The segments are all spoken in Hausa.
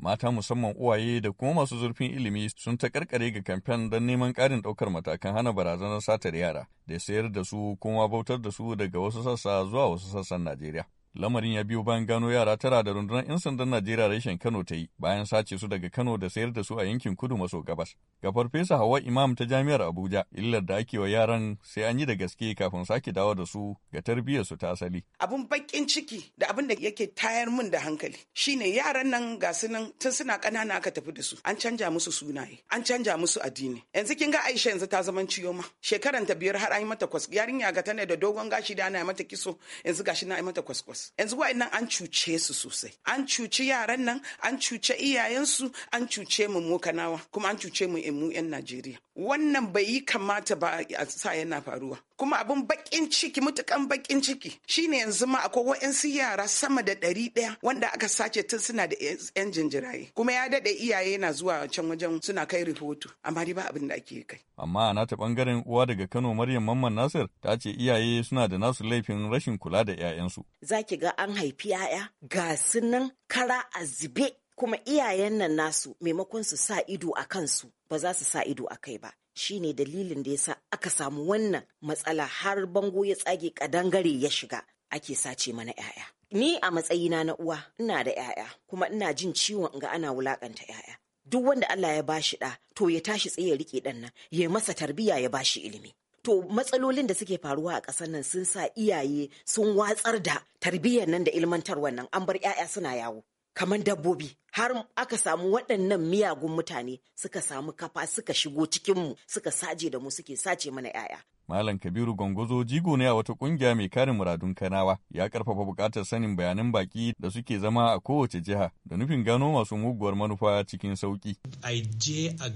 mata musamman uwaye da kuma masu zurfin ilimi sun ta karkare ga kamfen don neman ƙarin ɗaukar matakan hana barazanar satar yara da sayar da su kuma bautar da su daga wasu sassa zuwa wasu sassan Najeriya. Lamarin ya biyo bayan gano yara tara da rundunar 'yan sandan Najeriya reshen Kano ta yi bayan sace su daga Kano da sayar da su a yankin kudu maso gabas. Ga farfesa Hawa Imam ta Jami'ar Abuja, illar da ake wa yaran sai an yi da gaske kafin sake dawo da su ga tarbiyyar su ta asali. Abun bakin ciki da abin da yake tayar min da hankali shine yaran nan ga su nan tun suna ƙanana aka tafi da su. An canja musu sunaye, an canja musu addini. Yanzu kin ga Aisha yanzu ta zaman ciyo ma. Shekaran ta biyar har an mata kwas. Yarinya ga tana da dogon gashi da ana mata kiso yanzu gashi na yi mata kwaskwas. tabbas yanzu wa'annan an cuce su sosai an cuci yaran nan an cuce iyayensu an cuce mu mu kanawa kuma an cuce mu mu yan Najeriya wannan bai yi kamata ba a sa yana faruwa kuma abin bakin ciki mutukan bakin ciki shine yanzu ma akwai wa'yansu yara sama da ɗari ɗaya wanda aka sace tun suna da yan jinjiraye kuma ya daɗe iyaye na zuwa can wajen suna kai rahoto amma dai ba abin da ake kai amma a nata bangaren uwa daga Kano Maryam Mamman Nasir ta ce iyaye suna da nasu laifin rashin kula da 'ya'yansu zaki ga an haifi 'ya'ya ga sunan kara a zube kuma iyayen nan nasu maimakon su sa ido a kansu ba za su sa ido a kai ba Shi ne dalilin da ya sa aka samu wannan matsala har bango ya tsage kadangare ya shiga ake sace mana 'ya'ya ni a matsayina na uwa ina da 'ya'ya kuma ina jin ciwon ga ana wulakanta 'ya'ya duk wanda Allah ya bashi ɗa to ya tashi tsaye ya rike ɗan nan ya masa tarbiya ya bashi ilimi to matsalolin da suke faruwa a ƙasar nan sun sa iyaye sun watsar da tarbiyyar nan da ilmantar nan an bar 'ya'ya suna yawo kamar dabbobi har aka samu waɗannan miyagun mutane suka samu kafa suka shigo cikinmu suka saje da mu suke sace mana 'ya'ya. Malam Kabiru Gongozo jigo ne a wata ƙungiya mai kare muradun Kanawa ya ƙarfafa bukatar sanin bayanan baƙi da suke zama a kowace jiha da nufin gano masu muguwar manufa cikin sauki. A je a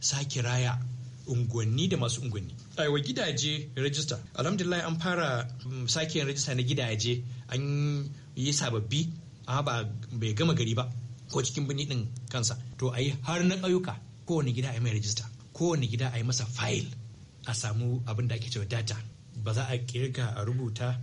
sake raya unguwanni da masu unguwanni. A gidaje rajista. Alhamdulillah an fara mm, sake rajista na gidaje an yi sababbi amma ba bai gama gari ba. ko cikin birni din kansa to a yi har na ƙauyuka kowane gida a mai rajista kowane gida a yi masa fayil a samu abin da ake cewa data ba za a kirga a rubuta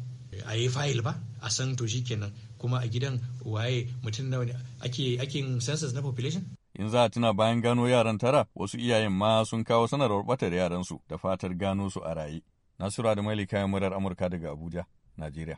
a yi fayil ba a san to kenan kuma a gidan waye mutum nawa ne ake ake census na population in za a tuna bayan gano yaran tara wasu iyayen ma sun kawo sanarwar batar yaransu da fatar gano su a raye nasura da kayan murar amurka daga abuja najeriya